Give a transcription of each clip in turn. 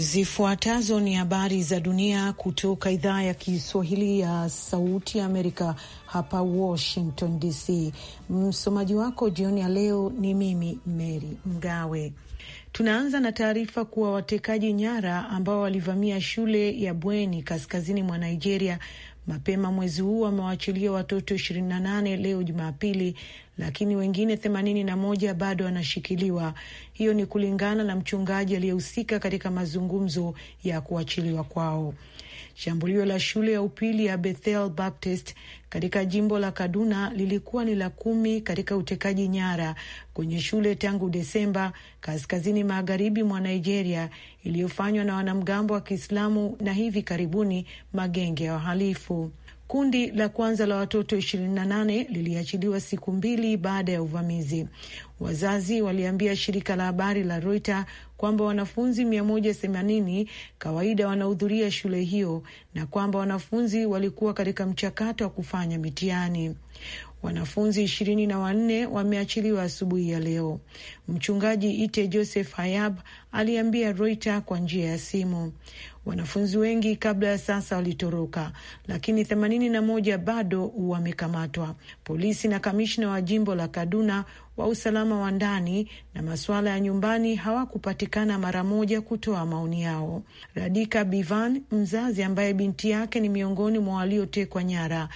Zifuatazo ni habari za dunia kutoka idhaa ya Kiswahili ya Sauti ya Amerika hapa Washington DC. Msomaji wako jioni ya leo ni mimi Mary Mgawe. Tunaanza na taarifa kuwa watekaji nyara ambao walivamia shule ya bweni kaskazini mwa Nigeria Mapema mwezi huu wamewaachilia watoto 28 leo Jumapili, lakini wengine 81 bado wanashikiliwa. Hiyo ni kulingana na mchungaji aliyehusika katika mazungumzo ya kuachiliwa kwao. Shambulio la shule ya upili ya Bethel Baptist katika jimbo la Kaduna lilikuwa ni la kumi katika utekaji nyara kwenye shule tangu Desemba, kaskazini magharibi mwa Nigeria, iliyofanywa na wanamgambo wa Kiislamu na hivi karibuni magenge ya wahalifu. Kundi la kwanza la watoto 28 liliachiliwa siku mbili baada ya uvamizi. Wazazi waliambia shirika la habari la Reuters kwamba wanafunzi 180 kawaida wanahudhuria shule hiyo na kwamba wanafunzi walikuwa katika mchakato wa kufanya mitihani. Wanafunzi ishirini na wanne wameachiliwa asubuhi ya leo. Mchungaji Ite Joseph Hayab aliambia Reuters kwa njia ya simu Wanafunzi wengi kabla ya sasa walitoroka, lakini themanini na moja bado wamekamatwa. Polisi na kamishna wa jimbo la Kaduna wa usalama wa ndani na masuala ya nyumbani hawakupatikana mara moja kutoa maoni yao. Radhika Bivan, mzazi ambaye binti yake ni miongoni mwa waliotekwa nyara,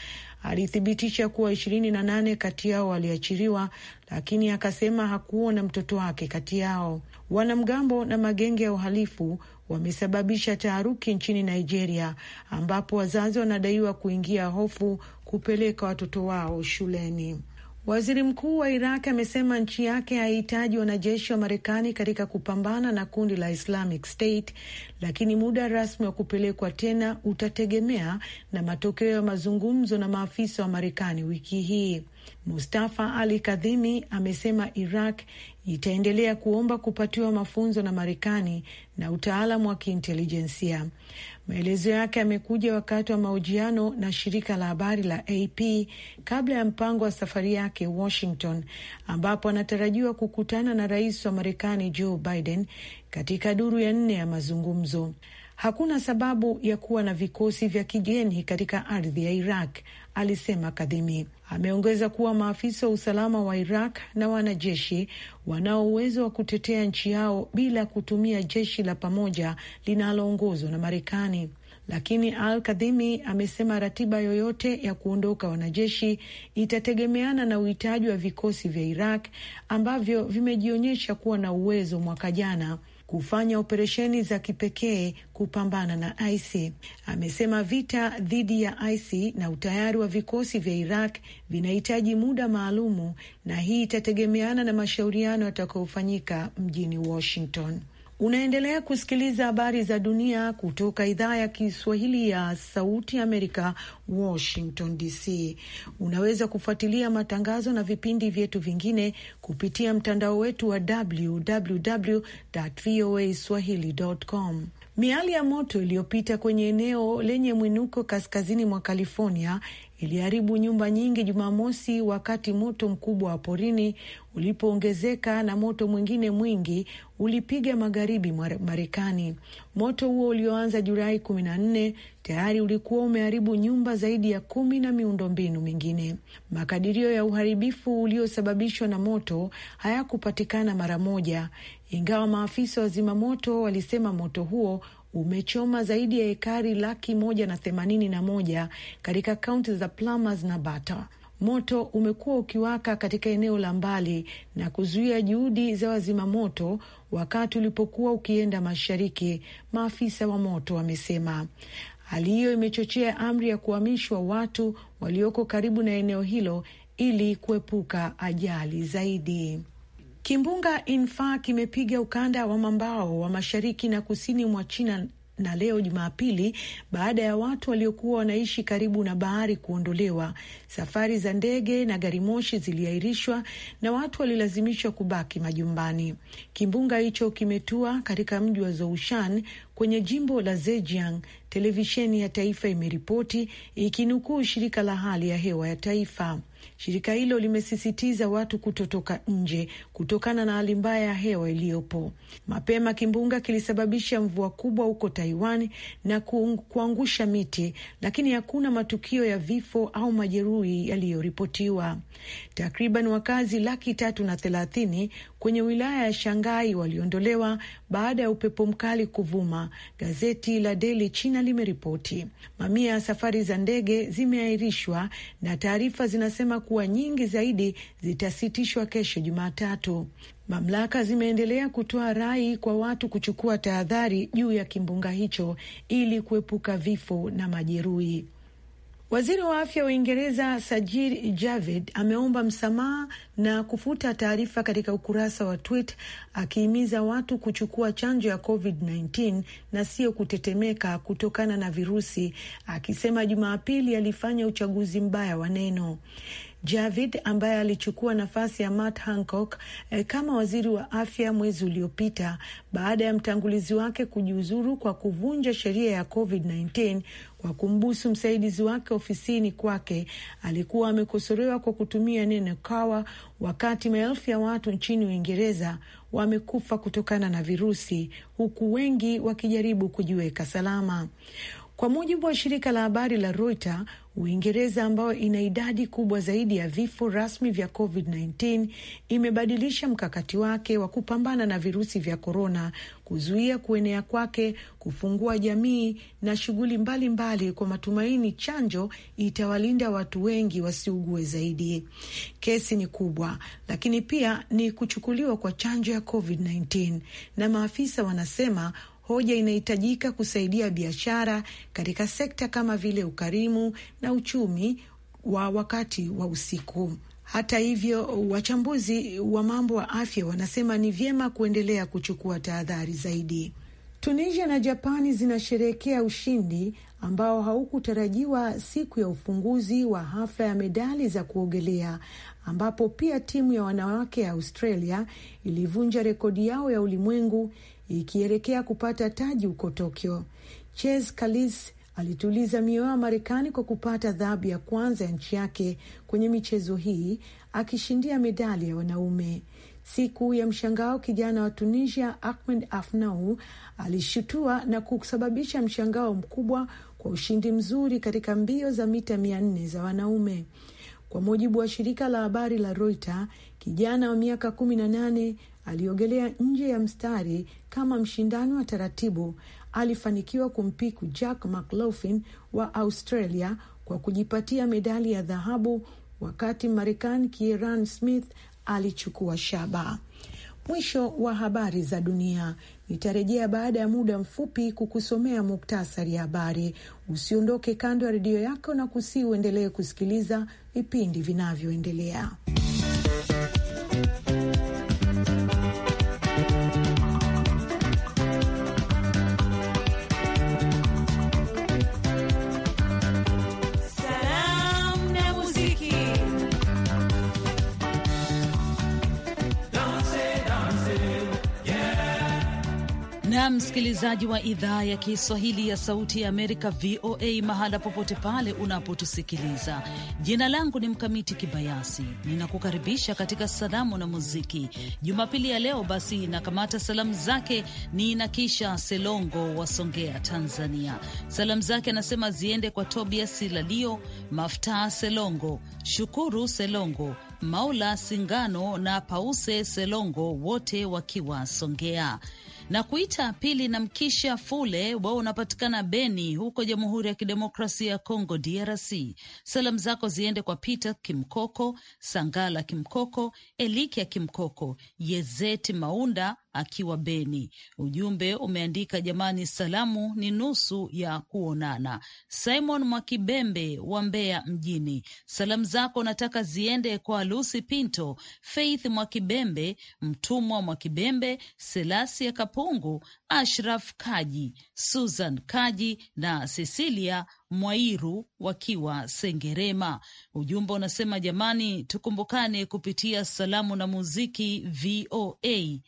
alithibitisha kuwa ishirini na nane kati yao waliachiriwa, lakini akasema hakuona mtoto wake kati yao. Wanamgambo na magenge ya uhalifu wamesababisha taharuki nchini Nigeria, ambapo wazazi wanadaiwa kuingia hofu kupeleka watoto wao shuleni. Waziri mkuu wa Iraq amesema nchi yake haihitaji wanajeshi wa Marekani katika kupambana na kundi la Islamic State, lakini muda rasmi wa kupelekwa tena utategemea na matokeo ya mazungumzo na maafisa wa Marekani wiki hii. Mustafa Ali Kadhimi amesema Iraq itaendelea kuomba kupatiwa mafunzo na Marekani na utaalamu wa kiintelijensia. Maelezo yake yamekuja wakati wa mahojiano na shirika la habari la AP kabla ya mpango wa safari yake Washington, ambapo anatarajiwa kukutana na rais wa Marekani Joe Biden katika duru ya nne ya mazungumzo. Hakuna sababu ya kuwa na vikosi vya kigeni katika ardhi ya Iraq, alisema Kadhimi. Ameongeza kuwa maafisa wa usalama wa Iraq na wanajeshi wanao uwezo wa kutetea nchi yao bila kutumia jeshi la pamoja linaloongozwa na Marekani. Lakini Al Kadhimi amesema ratiba yoyote ya kuondoka wanajeshi itategemeana na uhitaji wa vikosi vya Iraq ambavyo vimejionyesha kuwa na uwezo mwaka jana kufanya operesheni za kipekee kupambana na IC. Amesema vita dhidi ya IC na utayari wa vikosi vya Iraq vinahitaji muda maalumu, na hii itategemeana na mashauriano yatakayofanyika mjini Washington. Unaendelea kusikiliza habari za dunia kutoka idhaa ya Kiswahili ya Sauti Amerika, Washington DC. Unaweza kufuatilia matangazo na vipindi vyetu vingine kupitia mtandao wetu wa www voa swahili.com. Miali ya moto iliyopita kwenye eneo lenye mwinuko kaskazini mwa California iliharibu nyumba nyingi Jumamosi wakati moto mkubwa wa porini ulipoongezeka na moto mwingine mwingi ulipiga magharibi mwa Marekani. Moto huo ulioanza Julai kumi na nne tayari ulikuwa umeharibu nyumba zaidi ya kumi na miundombinu mingine. Makadirio ya uharibifu uliosababishwa na moto hayakupatikana mara moja, ingawa maafisa wa zimamoto walisema moto huo umechoma zaidi ya hekari laki moja na themanini na moja katika kaunti za Plamas na Bata. Moto umekuwa ukiwaka katika eneo la mbali na kuzuia juhudi za wazima moto wakati ulipokuwa ukienda mashariki, maafisa wa moto wamesema. Hali hiyo imechochea amri ya kuhamishwa watu walioko karibu na eneo hilo ili kuepuka ajali zaidi. Kimbunga Infa kimepiga ukanda wa mambao wa mashariki na kusini mwa China na leo Jumapili, baada ya watu waliokuwa wanaishi karibu na bahari kuondolewa, safari za ndege na gari moshi ziliahirishwa na watu walilazimishwa kubaki majumbani. Kimbunga hicho kimetua katika mji wa Zoushan kwenye jimbo la Zhejiang, televisheni ya taifa imeripoti ikinukuu shirika la hali ya hewa ya taifa. Shirika hilo limesisitiza watu kutotoka nje kutokana na hali mbaya ya hewa iliyopo. Mapema kimbunga kilisababisha mvua kubwa huko Taiwan na kuangusha miti, lakini hakuna matukio ya vifo au majeruhi yaliyoripotiwa. Takriban wakazi laki tatu na thelathini kwenye wilaya ya shangai waliondolewa baada ya upepo mkali kuvuma, gazeti la Daily China limeripoti. Mamia ya safari za ndege zimeahirishwa na taarifa zinasema kuwa nyingi zaidi zitasitishwa kesho Jumatatu. Mamlaka zimeendelea kutoa rai kwa watu kuchukua tahadhari juu ya kimbunga hicho ili kuepuka vifo na majeruhi. Waziri wa afya wa Uingereza Sajid Javid ameomba msamaha na kufuta taarifa katika ukurasa wa Twitter akihimiza watu kuchukua chanjo ya COVID-19 na sio kutetemeka kutokana na virusi, akisema Jumapili alifanya uchaguzi mbaya wa neno. Javid ambaye alichukua nafasi ya Matt Hancock eh, kama waziri wa afya mwezi uliopita baada ya mtangulizi wake kujiuzuru kwa kuvunja sheria ya COVID-19 kwa kumbusu msaidizi wake ofisini kwake. Alikuwa amekosolewa kwa kutumia neno kawa, wakati maelfu ya watu nchini Uingereza wamekufa kutokana na virusi, huku wengi wakijaribu kujiweka salama. Kwa mujibu wa shirika la habari la Reuters, Uingereza ambayo ina idadi kubwa zaidi ya vifo rasmi vya COVID-19 imebadilisha mkakati wake wa kupambana na virusi vya korona, kuzuia kuenea kwake, kufungua jamii na shughuli mbalimbali, kwa matumaini chanjo itawalinda watu wengi wasiugue zaidi. Kesi ni kubwa, lakini pia ni kuchukuliwa kwa chanjo ya COVID-19 na maafisa wanasema hoja inahitajika kusaidia biashara katika sekta kama vile ukarimu na uchumi wa wakati wa usiku. Hata hivyo, wachambuzi wa mambo wa afya wanasema ni vyema kuendelea kuchukua tahadhari zaidi. Tunisia na Japani zinasherehekea ushindi ambao haukutarajiwa siku ya ufunguzi wa hafla ya medali za kuogelea ambapo pia timu ya wanawake ya Australia ilivunja rekodi yao ya ulimwengu ikielekea kupata taji huko Tokyo. Ches Kalis alituliza mioyo ya Marekani kwa kupata dhahabu ya kwanza ya nchi yake kwenye michezo hii, akishindia medali ya wanaume. Siku ya mshangao, kijana wa Tunisia Ahmed Afnau alishutua na kusababisha mshangao mkubwa kwa ushindi mzuri katika mbio za mita mia nne za wanaume. Kwa mujibu wa shirika la habari la Reuters, kijana wa miaka kumi na nane aliogelea nje ya mstari kama mshindani wa taratibu. Alifanikiwa kumpiku Jack McLaughlin wa Australia kwa kujipatia medali ya dhahabu, wakati Marekani Kieran Smith alichukua shaba. Mwisho wa habari za dunia. Nitarejea baada ya muda mfupi kukusomea muktasari ya habari. Usiondoke kando ya redio yako na kusi uendelee kusikiliza vipindi vinavyoendelea. na msikilizaji wa idhaa ya Kiswahili ya Sauti ya Amerika, VOA, mahala popote pale unapotusikiliza. Jina langu ni Mkamiti Kibayasi, ninakukaribisha katika Salamu na Muziki Jumapili ya leo. Basi nakamata salamu zake ni na kisha Selongo wa Songea, Tanzania. Salamu zake anasema ziende kwa Tobias Silalio, Maftaa Selongo, Shukuru Selongo, Maula Singano na Pause Selongo, wote wakiwa Songea na kuita pili na mkisha Fule wao unapatikana Beni huko Jamhuri ya Kidemokrasia ya Kongo DRC. Salamu zako ziende kwa Peter Kimkoko, Sangala Kimkoko, Elikia Kimkoko, Yezeti Maunda akiwa Beni. Ujumbe umeandika jamani, salamu ni nusu ya kuonana. Simon Mwakibembe wa Mbeya mjini, salamu zako nataka ziende kwa Lucy Pinto, Faith Mwakibembe, Mtumwa Mwakibembe, Selasia Kapungu, Ashraf Kaji, Susan Kaji na Cecilia Mwairu wakiwa Sengerema. Ujumbe unasema jamani, tukumbukane kupitia salamu na muziki VOA.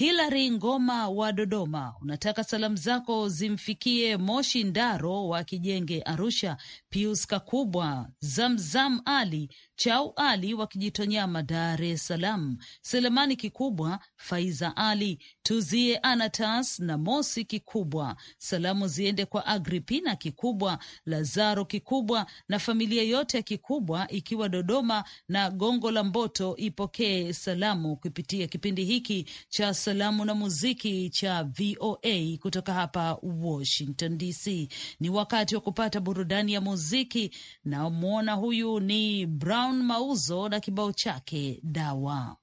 Hilary Ngoma wa Dodoma, unataka salamu zako zimfikie Moshi Ndaro wa Kijenge Arusha, Pius Kakubwa, Zamzam Ali Chau Ali wa Kijitonyama, Dar es Salaam, Selemani Kikubwa, Faiza Ali, Tuzie Anatas na Mosi Kikubwa. Salamu ziende kwa Agripina Kikubwa, Lazaro Kikubwa na familia yote ya Kikubwa ikiwa Dodoma na Gongo la Mboto, ipokee salamu kupitia kipindi hiki cha salamu na muziki cha VOA kutoka hapa Washington DC. Ni wakati wa kupata burudani ya muziki. Namwona huyu ni Brown Brown Mauzo na kibao chake dawa.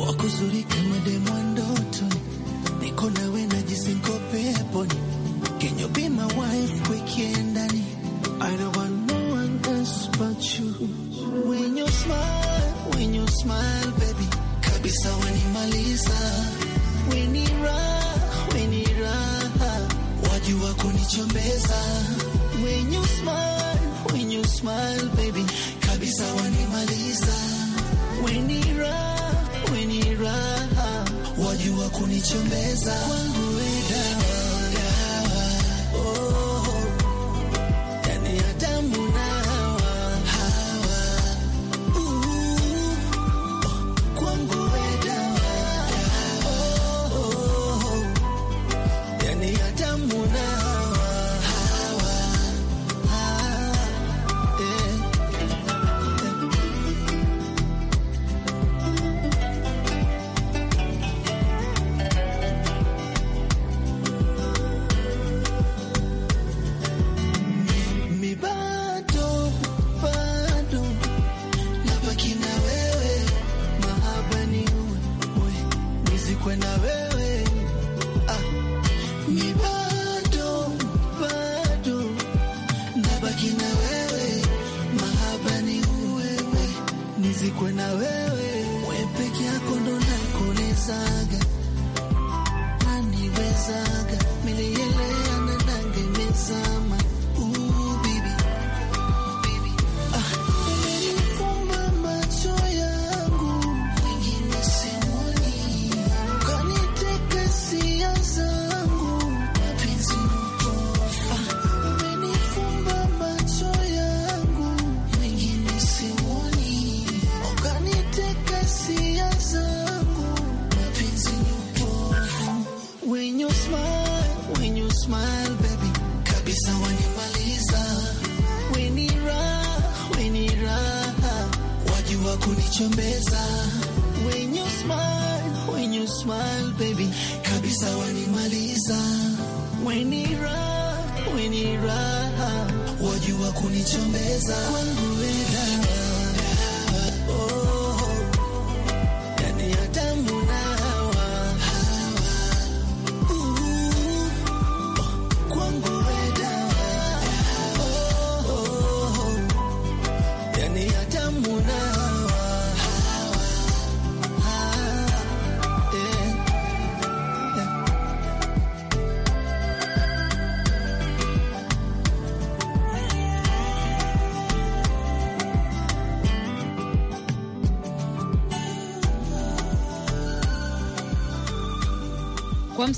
Wakuzuri oh, oh, kama demo ndoto niko nawe na peponi can you be my wife I don't want no one else but you when you smile when you smile baby kabisa wanimaliza, weni raha, wajua kunichombeza, when you smile, when you smile baby, kabisa wanimaliza, weni raha, wajua kunichombeza kwangu weda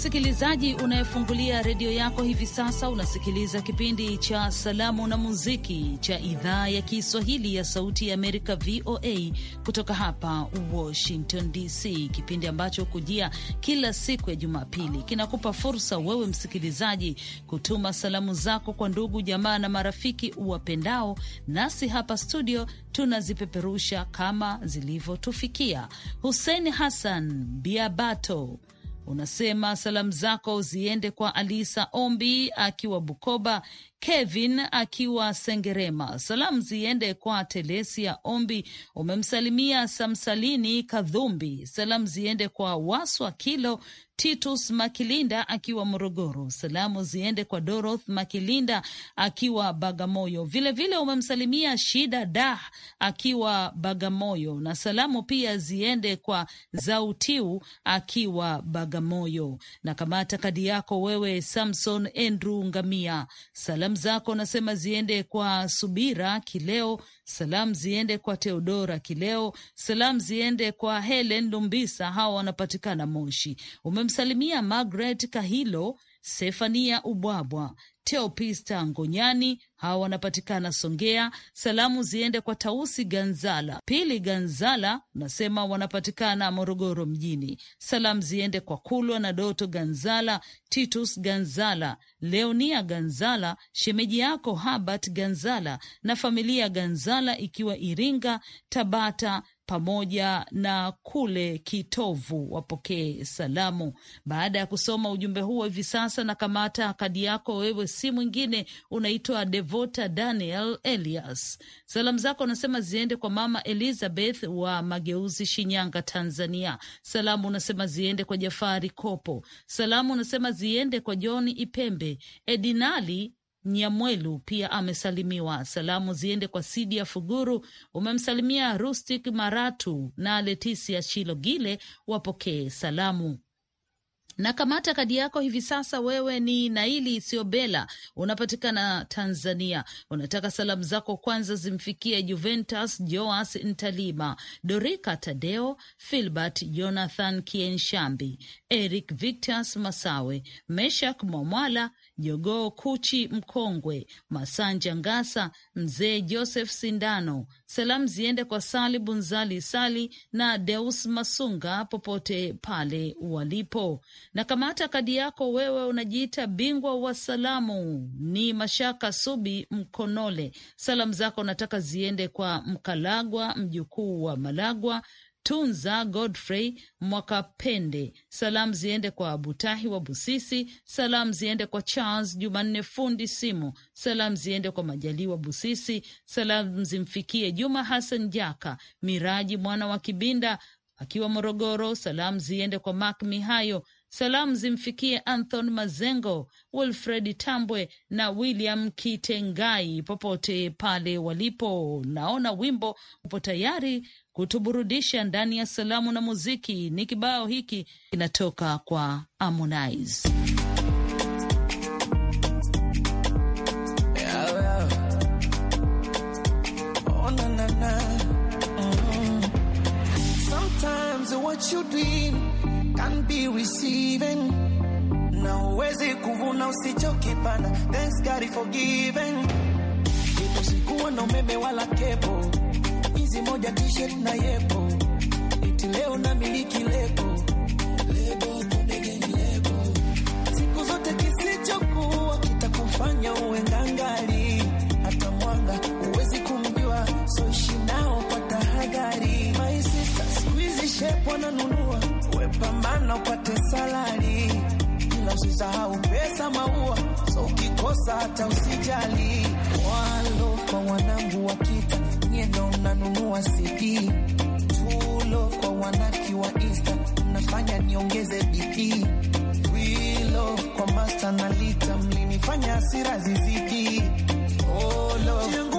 msikilizaji unayefungulia redio yako hivi sasa, unasikiliza kipindi cha Salamu na Muziki cha idhaa ya Kiswahili ya Sauti ya Amerika, VOA, kutoka hapa Washington DC, kipindi ambacho hukujia kila siku ya Jumapili. Kinakupa fursa wewe msikilizaji kutuma salamu zako kwa ndugu, jamaa na marafiki uwapendao, nasi hapa studio tunazipeperusha kama zilivyotufikia. Hussein Hassan Biabato unasema salamu zako ziende kwa Alisa Ombi akiwa Bukoba, Kevin akiwa Sengerema. Salamu ziende kwa Telesia Ombi, umemsalimia Samsalini Kadhumbi. Salamu ziende kwa Waswa Kilo Titus Makilinda akiwa Morogoro. Salamu ziende kwa Doroth Makilinda akiwa Bagamoyo, vilevile umemsalimia Shida Dah akiwa Bagamoyo, na salamu pia ziende kwa Zautiu akiwa Bagamoyo. Na kamata kadi yako wewe, Samson Andrew Ngamia. Salamu zako nasema ziende kwa Subira Kileo Salamu ziende kwa Teodora Kileo, salamu ziende kwa Helen Lumbisa, hawa wanapatikana Moshi. Umemsalimia Margaret Kahilo, Sefania Ubwabwa, Teopista Ngonyani. Hawa wanapatikana Songea. Salamu ziende kwa Tausi Ganzala Pili Ganzala, unasema wanapatikana Morogoro mjini. Salamu ziende kwa Kulwa na Doto Ganzala, Titus Ganzala, Leonia Ganzala, shemeji yako Habat Ganzala na familia Ganzala, ikiwa Iringa, Tabata pamoja na kule kitovu wapokee salamu. Baada ya kusoma ujumbe huo, hivi sasa na kamata kadi yako wewe, si mwingine unaitwa Devota Daniel Elias. Salamu zako unasema ziende kwa mama Elizabeth wa Mageuzi, Shinyanga, Tanzania. Salamu unasema ziende kwa Jafari Kopo. Salamu unasema ziende kwa John Ipembe, Edinali Nyamwelu pia amesalimiwa. Salamu ziende kwa sidi ya Fuguru, umemsalimia Rustic Maratu na Letisia Shilogile, wapokee salamu na kamata kadi yako hivi sasa. Wewe ni Naili Siobela, unapatikana Tanzania. Unataka salamu zako kwanza zimfikie Juventus Joas Ntalima, Dorika Tadeo, Filbert Jonathan Kienshambi, Eric Victus Masawe, Meshak Mwamwala, Jogoo Kuchi Mkongwe, Masanja Ngasa, Mzee Joseph Sindano. Salamu ziende kwa Sali Bunzali Sali na Deus Masunga popote pale walipo. Na kamata kadi yako wewe, unajiita bingwa wa salamu, ni Mashaka Subi Mkonole. Salamu zako nataka ziende kwa Mkalagwa, mjukuu wa Malagwa Tunza Godfrey Mwakapende, salamu ziende kwa Abutahi wa Busisi, salamu ziende kwa Charles Jumanne fundi simu, salamu ziende kwa Majaliwa Busisi, salamu zimfikie Juma Hassan Jaka, Miraji mwana wa Kibinda akiwa Morogoro, salamu ziende kwa Mak Mihayo, salamu zimfikie anthon Mazengo, Wilfred Tambwe na William Kitengai popote pale walipo. Naona wimbo upo tayari kutuburudisha ndani ya salamu na muziki. Ni kibao hiki kinatoka kwa Harmonize. na uwezi kuvuna usichokipanda. Thanks God for giving. na umeme wala hizi moja t-shirt na yepo iti leo na miliki lebo lebo lepo siku zote kisichokuwa kitakufanya uwe ngangari hata mwanga uwezi kumjua, so shinao kwa tahadhari. Maisisa siku hizi shepu wananunua, we upate salari usisahau pesa, maua, so ukikosa hata usijali. Walo kwa wanangu wa kita nyendo, unanunua CD tulo kwa wanaki wa Insta, unafanya niongeze bidii wilo kwa masta na lita, mlinifanya asira zizidi olo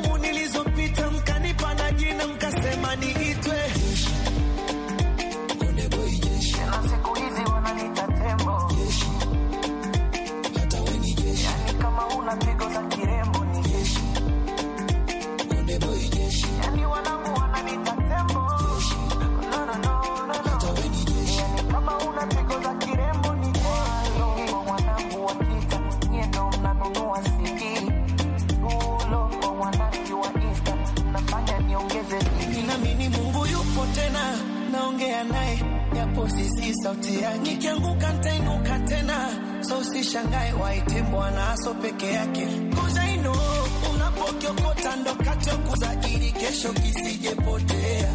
usisikii sauti yake. Nikianguka ntainuka tena, so usishangae waite Bwana aso peke yake. Kuzaino unapokiokota ndo kati kuza ili kesho kisijepotea,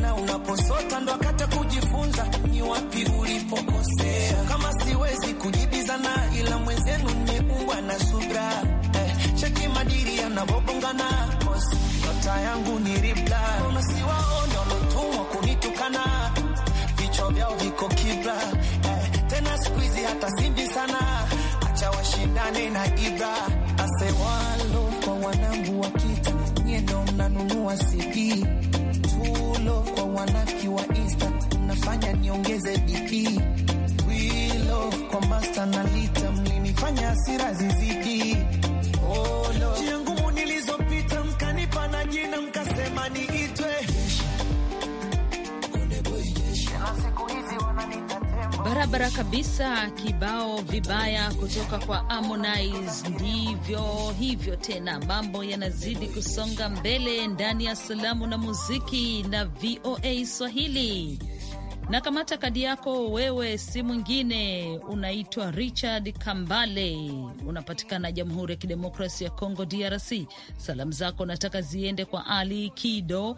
na unaposota ndo kati kujifunza ni wapi ulipokosea. Kama siwezi kujibizana, ila mwenzenu nimeumbwa na subra eh, cheki madiri yanavobongana. Nyota yangu ni ribla, unasiwaona walotumwa kunitukana vyao viko kibla eh, tena siku hizi hata simbi sana, acha washindane na ibra asewalo kwa wanangu wa kita, nyie ndo mnanunua CD tulo kwa wanaki wa insta nafanya niongeze BP wilo kwa masta na lita barabara kabisa. Kibao vibaya kutoka kwa Harmonize. Ndivyo hivyo tena, mambo yanazidi kusonga mbele ndani ya salamu na muziki na VOA Swahili. Na kamata kadi yako wewe, si mwingine unaitwa Richard Kambale, unapatikana Jamhuri ya Kidemokrasi ya Kongo, DRC. Salamu zako nataka ziende kwa Ali Kido,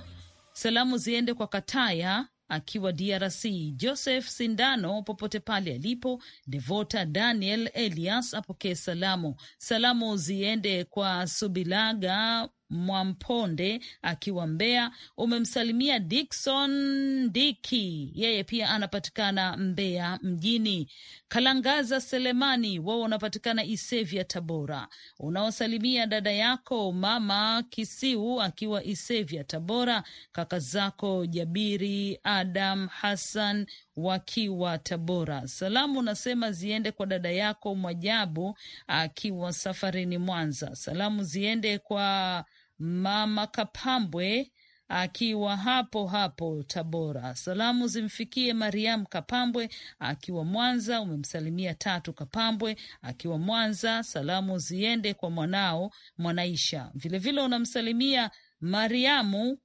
salamu ziende kwa Kataya akiwa DRC, Joseph Sindano popote pale alipo, Devota Daniel Elias apokee salamu. Salamu ziende kwa Subilaga Mwamponde akiwa Mbeya, umemsalimia dikson Diki, yeye pia anapatikana Mbeya mjini. Kalangaza Selemani, wao wanapatikana Isevya, Tabora. Unaosalimia dada yako mama Kisiu akiwa Isevya, Tabora, kaka zako Jabiri Adam Hassan wakiwa Tabora. Salamu nasema ziende kwa dada yako Mwajabu akiwa safarini Mwanza. Salamu ziende kwa Mama Kapambwe akiwa hapo hapo Tabora. Salamu zimfikie Mariam Kapambwe akiwa Mwanza, umemsalimia Tatu Kapambwe akiwa Mwanza. Salamu ziende kwa mwanao Mwanaisha, vilevile unamsalimia Mariamu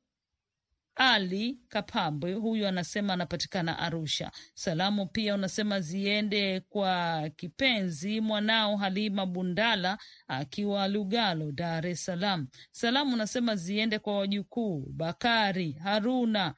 ali Kapambwe huyu anasema anapatikana Arusha. Salamu pia unasema ziende kwa kipenzi mwanao Halima Bundala akiwa Lugalo, Dar es Salaam. Salamu unasema ziende kwa wajukuu Bakari, Haruna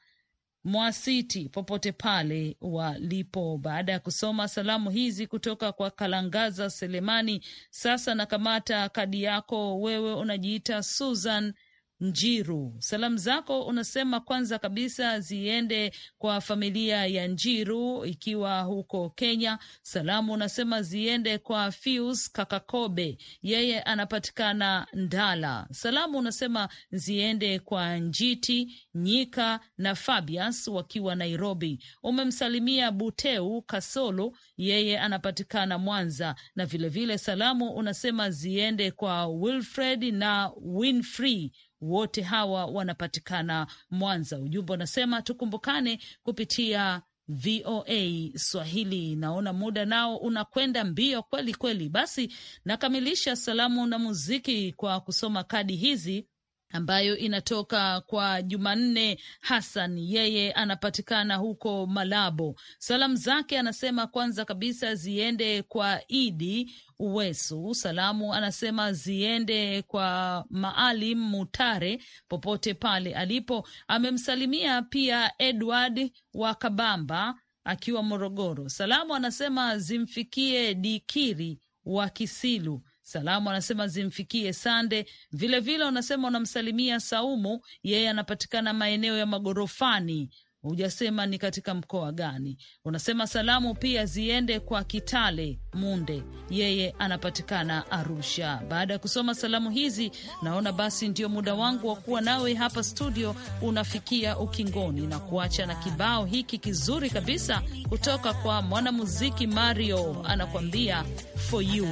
Mwasiti popote pale walipo. Baada ya kusoma salamu hizi kutoka kwa Kalangaza Selemani, sasa nakamata kadi yako. Wewe unajiita Susan Njiru, salamu zako unasema kwanza kabisa ziende kwa familia ya Njiru ikiwa huko Kenya. Salamu unasema ziende kwa Fius Kakakobe, yeye anapatikana Ndala. Salamu unasema ziende kwa Njiti Nyika na Fabius wakiwa Nairobi. Umemsalimia Buteu Kasolo, yeye anapatikana Mwanza, na vilevile vile salamu unasema ziende kwa Wilfred na Winfrey wote hawa wanapatikana Mwanza. Ujumbe unasema tukumbukane kupitia VOA Swahili. Naona muda nao unakwenda mbio kweli kweli. Basi nakamilisha salamu na muziki kwa kusoma kadi hizi ambayo inatoka kwa Jumanne Hassan. Yeye anapatikana huko Malabo. Salamu zake anasema kwanza kabisa ziende kwa Idi Uwesu. Salamu anasema ziende kwa Maalim Mutare popote pale alipo. Amemsalimia pia Edward wa Kabamba akiwa Morogoro. Salamu anasema zimfikie Dikiri wa Kisilu Salamu anasema zimfikie Sande. Vilevile unasema unamsalimia Saumu, yeye anapatikana maeneo ya magorofani hujasema ni katika mkoa gani. Unasema salamu pia ziende kwa Kitale Munde, yeye anapatikana Arusha. Baada ya kusoma salamu hizi, naona basi ndio muda wangu wa kuwa nawe hapa studio unafikia ukingoni, na kuacha na kibao hiki kizuri kabisa kutoka kwa mwanamuziki Mario, anakuambia for you.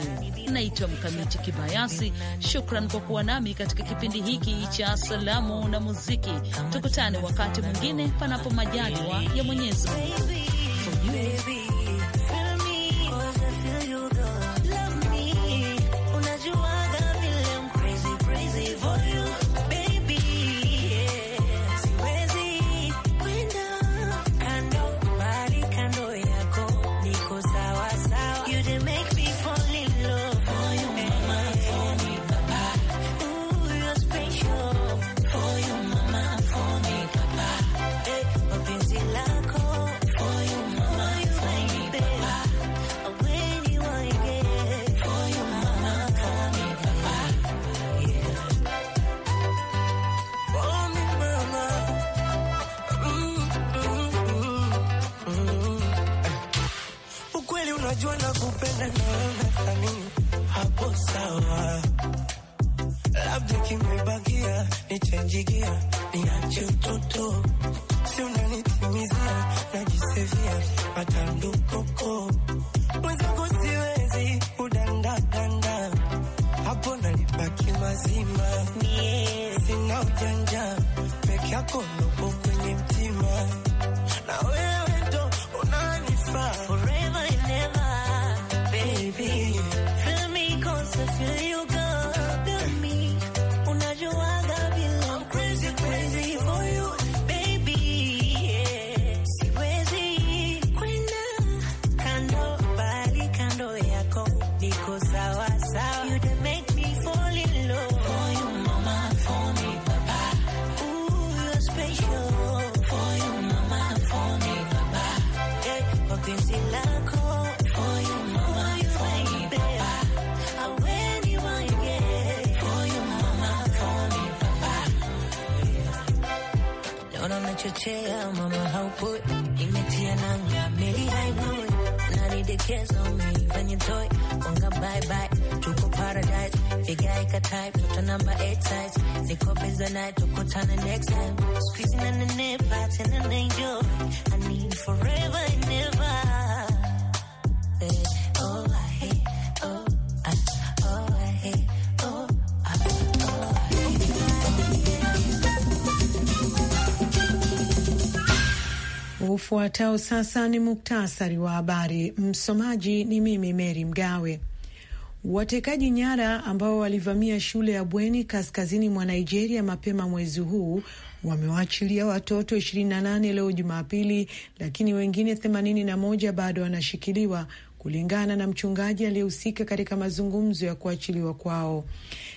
Naitwa Mkamiti Kibayasi, shukran kwa kuwa nami katika kipindi hiki cha salamu na muziki. Tukutane wakati mwingine, panapo majaliwa ya Mwenyezi Mungu. Najua kupenda na nadhani hapo sawa, labda kimebakia nichenjigia, niache utoto, si unanitimizia, najisevia matandukoko mwenzako, siwezi kudandadanda hapo, nalipaki mazima, sina ujanja peke yako nopo put imetia nanga meli high boy nanidekeza umeifanya toy wanga bye bye tuko paradise figure ika type toto number 8 size nikope za night tukutana next time squeezing and the nip an angel. I need forever and never Ufuatao sasa ni muktasari wa habari. Msomaji ni mimi Meri Mgawe. Watekaji nyara ambao walivamia shule ya bweni kaskazini mwa Nigeria mapema mwezi huu wamewaachilia watoto 28 leo Jumapili, lakini wengine 81 bado wanashikiliwa kulingana na mchungaji aliyehusika katika mazungumzo ya kuachiliwa kwao.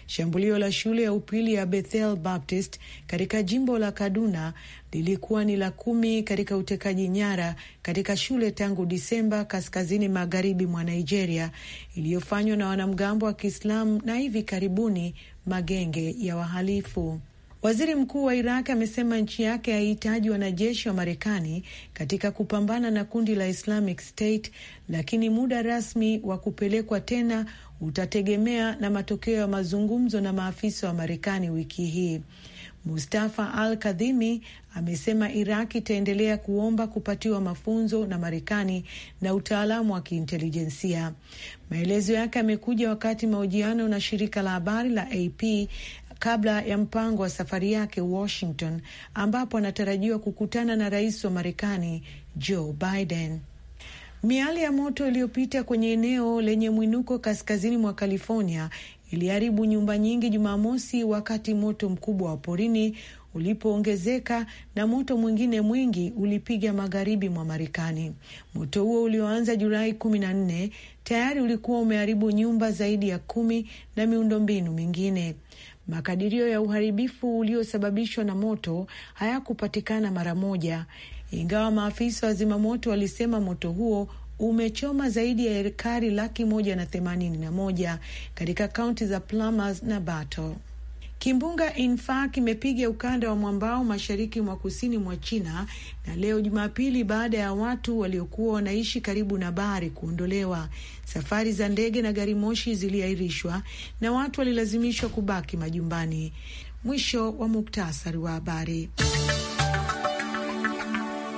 Shambulio la shule ya upili ya Bethel Baptist katika jimbo la Kaduna lilikuwa ni la kumi katika utekaji nyara katika shule tangu Disemba kaskazini magharibi mwa Nigeria, iliyofanywa na wanamgambo wa Kiislamu na hivi karibuni magenge ya wahalifu. Waziri mkuu wa Iraq amesema nchi yake haihitaji wanajeshi wa Marekani katika kupambana na kundi la Islamic State, lakini muda rasmi wa kupelekwa tena utategemea na matokeo ya mazungumzo na maafisa wa Marekani wiki hii. Mustafa Al Kadhimi amesema Iraq itaendelea kuomba kupatiwa mafunzo na Marekani na utaalamu wa kiintelijensia. Maelezo yake amekuja wakati mahojiano na shirika la habari la AP kabla ya mpango wa safari yake Washington, ambapo anatarajiwa kukutana na rais wa Marekani Joe Biden. Miali ya moto iliyopita kwenye eneo lenye mwinuko kaskazini mwa California iliharibu nyumba nyingi Jumamosi, wakati moto mkubwa wa porini ulipoongezeka na moto mwingine mwingi ulipiga magharibi mwa Marekani. Moto huo ulioanza Julai kumi na nne tayari ulikuwa umeharibu nyumba zaidi ya kumi na miundombinu mingine. Makadirio ya uharibifu uliosababishwa na moto hayakupatikana mara moja, ingawa maafisa wa zimamoto walisema moto huo umechoma zaidi ya ekari laki moja na themanini na moja katika kaunti za Plumas na Bato. Kimbunga Infa kimepiga ukanda wa mwambao mashariki mwa kusini mwa China na leo Jumapili, baada ya watu waliokuwa wanaishi karibu na bahari kuondolewa, safari za ndege na gari moshi ziliahirishwa na watu walilazimishwa kubaki majumbani. Mwisho wa muktasari wa habari.